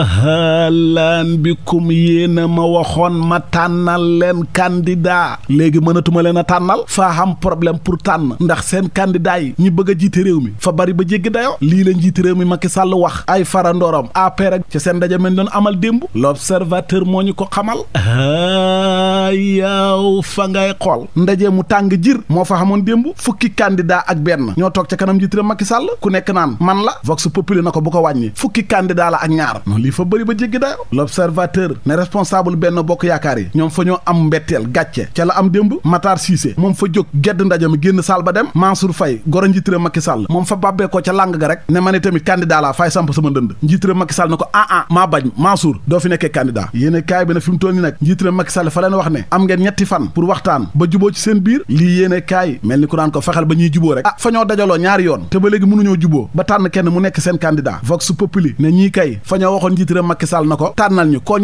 ahlan bikum yéen a ma waxoon ma tànnal leen kandidaa léegi mënatuma leen a tànnal faa xam problème pour tànn ndax seen candidat yi ñi bëgg a jiite réew mi fa bari ba jéggi dayoo lii la njiite réew mi Macky sàll wax ay farandorom APR ak ci seen ndaje men doon amal démb l'observateur moo ñu ko xamal yaaw fa ngay xool ndaje mu tàng jir moo fa xamoon démb fukki candidat ak benn ñoo toog ca kanam njiite réew Macky Sall ku nekk naan man la vox populi na ko bu ko fukki candidat yi fa bëri ba jéggi daayo l'observateur ne responsable benn bokk yaakaar yi ñoom fa ñoo am mbetteel gàcce ca la am démb Matar Cissé moom fa jóg gedd ndaje mi génn saal ba dem Mansour Faye goro njiitëra Macky Sall moom fa bàbbee ko ca làng ga rek ne ma ne tamit candidat laa fay samp sama ndënd njiitëra Macky Sall ne ko ah ah maa bañ Mansour doo fi nekkee candidat yéene kaay bi ne fi mu toll nii nag njiitëra Macky fa leen wax ne am ngeen ñetti fan pour waxtaan ñuy juboo rek ah fa ñoo dajaloo ñaari yoon te ba léegi mënuñoo juboo ba tànn kenn mu nekk seen candidat vox populi ne ñii kay njiit réew Macky Sall na ko tànnal ñu koo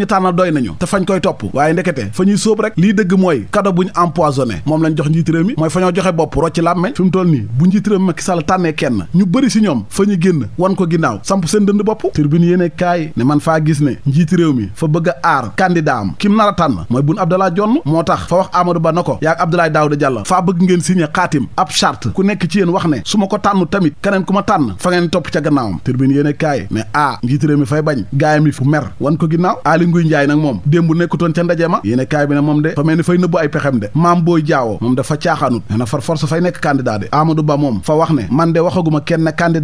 mi fa bëgg a aar candidat kim nar a tànn mooy Boun Abdallah Dionne moo tax fa wax Amadou Ba na ko yaag Abdoulaye Daouda Diallo faa bëgg ngeen signé xaatim ab charte ku nekk ci yéen wax ne su ma ko tànnu tamit keneen ku tànn fa topp ca gannaawam tribune yéene kaay ne ah njiit mi fay bañ gaayam yi fu mer wan ko ginnaaw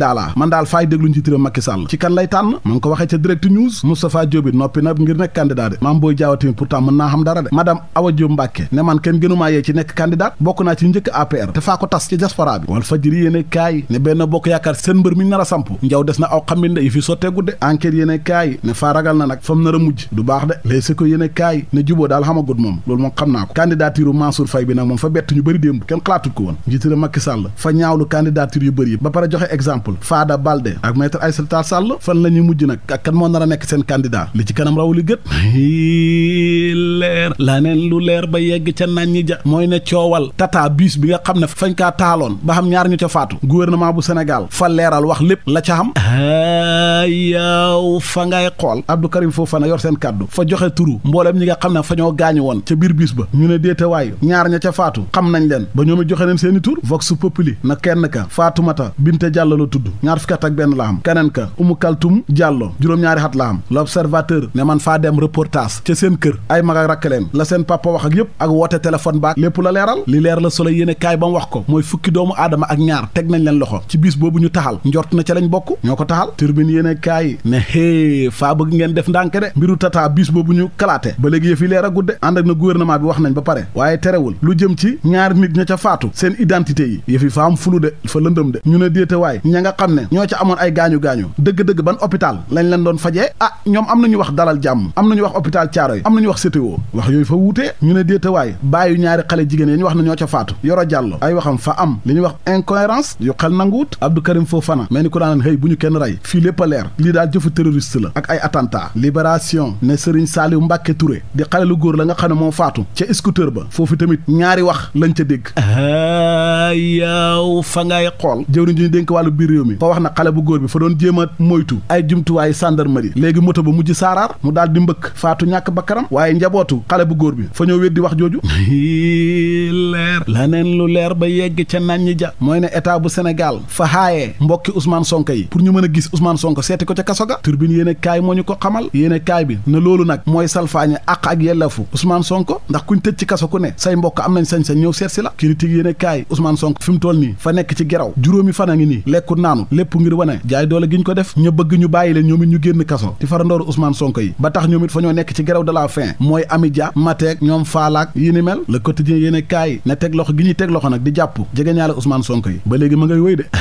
Aly fay déglu njiitu réew Macky ci kan lay tànn ma ko waxee ca direct news Moustapha Diop noppi na ngir nekk candidat de maam booy jaawoo tamit pourtant mën naa xam dara de madame Awa Diop Mbacke ne man kenn gënumaa yee ci nekk candidat bokk naa ci njëkk APR te faa ko tas ci diaspora bi wal fajiri yéene kaay ne benn bokk yaakaar seen mbër mi nar a samp njaw des na aw xambinde yi fi sotteegudde enquête yéene kaay kaay ne faa ragal na nag fa mu nar a mujj du baax de léeg si ko yéen kaay ne juboo daal xamagut moom loolu moom xam naa ko candidature Mansour Faye bi nag moom fa bett ñu bëri démb kenn xalaatut ko woon njiitëra Macky Sall fa ñaawlu candidature yu bëri yëpp ba pare joxe exemple Fada Balde ak maître Aïssata Sall fan la ñuy mujj nag ak kan moo nar a nekk seen candidat li ci kanam raw li gët leer laa neen lu leer ba yegg ca naan ñi ja mooy ne coowal tata bus bi nga xam ne fañ kaa taaloon ba xam ñaar ca faatu gouvernement bu Sénégal fa leeral wax lépp la ca xam yaaw uh, fa ngay xool Abdou Karim Fofana yor seen kàddu fa joxe turu mbooleem ñi nga xam ne fa ñoo gaañu woon ca biir bis ba ñu ne déetewaay ñaar ña ca faatu xam nañ leen ba ñoom it joxe neen seen i tur vox populi na kenn ka Faatumata Binte Jàllo la tudd ñaar fukki at ak benn la am keneen ka Umu Kaltum Jàllo juróom-ñaari at la am l'observateur ne man faa dem reportage ca seen kër ay mag ak rakk leen la seen papa wax ak yëpp ak woote téléphone baak la leeral li leer la solo yéene kaay ba mu wax ko mooy fukki doomu aadama ak ñaar teg nañ leen loxo ci bis boobu ñu taxal njort na kaay ne hee faa bëgg ngeen def ndànk de mbiru tata bis boobu ñu kalaate ba léegi yëf a gudde ànd na gouvernement bi wax nañ ba pare waaye terewul lu jëm ci ñaar nit ña ca faatu seen identité yi yëf fa am fulu de fa lëndëm de ñu ne déete ña nga xam ne ñoo ca amoon ay gaañu-gaañu dëgg-dëgg ban hôpital lañ leen doon fajee ah ñoom am nañu wax dalal jàmm am nañu wax hôpital Thiaroye am nañu wax CTO wax yooyu fa wuutee ñu ne déete waay bàyyu ñaari xale jigéen ya ñu wax ne ñoo ca faatu yoro jàllo ay waxam fa am li ñuy wax incohérence yu xel nanguwut Abdou Karim Fofana lii daal jëfu terroriste la ak ay attanta libération ne Serigne Saliou Mbacké Touré di xale lu góor la nga xam ne moo faatu ca scooter ba foofu tamit ñaari wax lañ ca dégg yaaw fa ngay xool jëwriñ ji ñu dénk wàllu biir réew mi fa wax na xale bu góor bi fa doon jéem a moytu ay jumtuwaayu gendarmerie léegi moto ba mujj saaraar mu daal di mbëkk faatu ñàkk bakkanam waaye njabootu xale bu góor bi fa ñoo weddi wax jooju leer la neen lu leer ba yegg ca nañ ja mooy ne état bu Sénégal fa xaayee mbokki Ousmane Sonko yi pour ñu mën a gis Ousmane Sonko seeti ko ca kaso ga turbine yéen kaay moo ñu ko xamal yéen kaay bi na loolu nag mooy salfaañe àq ak yelleefu Ousmane Sonko ndax kuñ tëj ci kaso ku ne say mbokk am nañ sañ-sañ ñëw seet si la critique yéen kaay Ousmane Sonko fi mu toll nii fa nekk ci geraw juróomi fan a ngi nii lekku naanu lépp ngir wane jaay doole giñ ko def ña bëgg ñu bàyyi leen ñoom it ñu génn kaso ci farandooru Ousmane Sonko yi ba tax ñoom it fa ñoo nekk ci geraw de la faim mooy Amidia Mateek ñoom faalaak yi ni mel le quotidien yéen teg loxo gi ñuy teg loxo nag di jàpp jegeñaale Ousmane Sonko yi ba léegi ma ngay wéy de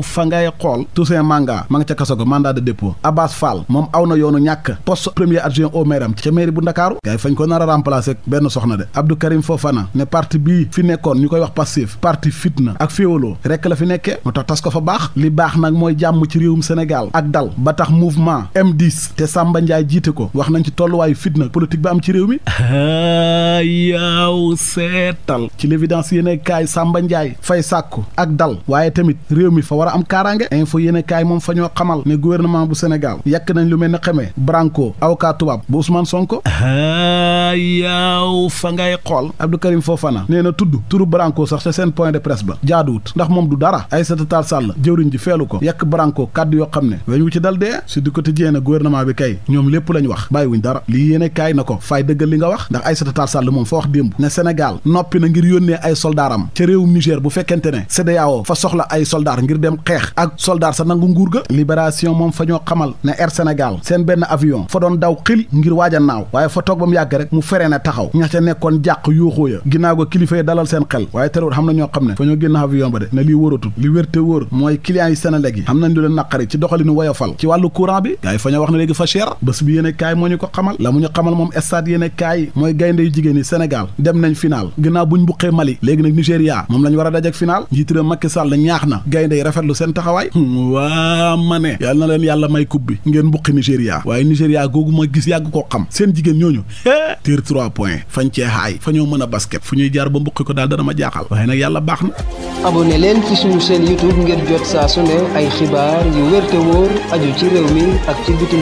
fa ngay xool Ousseyn Manga ma nga ca kaso ga mandat de dépôt Abbas Fall moom aw na yoonu ñàkk poste premier adjoint au ca mairie bu Ndakaaru gars fañ ko nar a remplacer benn soxna de Abdou Karim Fofana ne parti bii fi nekkoon ñu koy wax passif parti fitna ak féewaloo rekk la fi nekkee moo tax tas ko fa baax li baax nag mooy jàmm ci réewum Sénégal ak dal ba tax mouvement M10 te Samba Ndiaye jiite ko wax nañ ci tolluwaayu fitna politique ba am ci réew mi yaaw seetal ci l'évidence yéene kaay Samba Ndiaye fay sàkku ak dal yéene kaay moom fa ñoo xamal ne gouvernement bu Sénégal yàkk nañ lu mel ne xamee branco avocat tubaab bu Ousmane Sonko a yaaw fa ngay xool Abdou Karim Fofana nee na tudd turu branco sax ca seen point de presse ba jaaduwut ndax moom du dara Aïssata Tall Sall jëwriñ ji feelu ko yàkk branco kàddu yoo xam ne weñ wu ci dal dee su du côté jiyéen gouvernement bi kay ñoom lépp lañ wax bàyyi wuñ dara lii yéene kaay na ko fay dëggal li nga wax ndax Aïssata Tall Sall moom fa wax démb ne Sénégal noppi na ngir yónnee ay soldaaram ca réewum Niger bu fekkente ne CEDEAO fa soxla ay soldaar ngir dem xeex ak soldaar sa nangu nguur ga libération moom fa ñoo xamal ne Air Sénégal seen benn avion fa doon daw xil ngir waaj a naaw waaye fa toog ba yàgg rek mu feree na taxaw ñax ca nekkoon jàq yuuxoo ya ginnaaw ga kilifa yi dalal seen xel waaye terewul xam na ñoo xam ne fa ñoo génn avion ba de ne lii wóoratul li wérte wóor mooy clients yi Sénélec yi xam nañ lu leen naqari ci doxalinu woyofal ci wàllu courant bi gars yi fa ñoo wax ne léegi fa cher bés bi yéene kaay ko xamal la mu ñu xamal moom stade yéene kaay mooy gaynde yu jigéen yi Sénégal dem nañ final Mali léegi nag Nigéria moom lañ war a dajek final njiitu réew Macky Sall ñaax na gaynde yi rafetlu seen taxawaay hmm, waa ma ne yàlla na leen yàlla may coupe bi ngeen buqi Nigéria waaye Nigéria googu ma gis yàgg koo xam seen jigéen ñooñu é tiir trois fañ cee xaay fa ñoo mën a basket fu ñuy jaar ba mbuqi ko daal dana ma jaaxal waaye nag yàlla baax na abonné leen ci suñu chaîne YouTube ngir jot saa su ne ay xibaar yu wér wóor aju ci réew mi ak ci bitim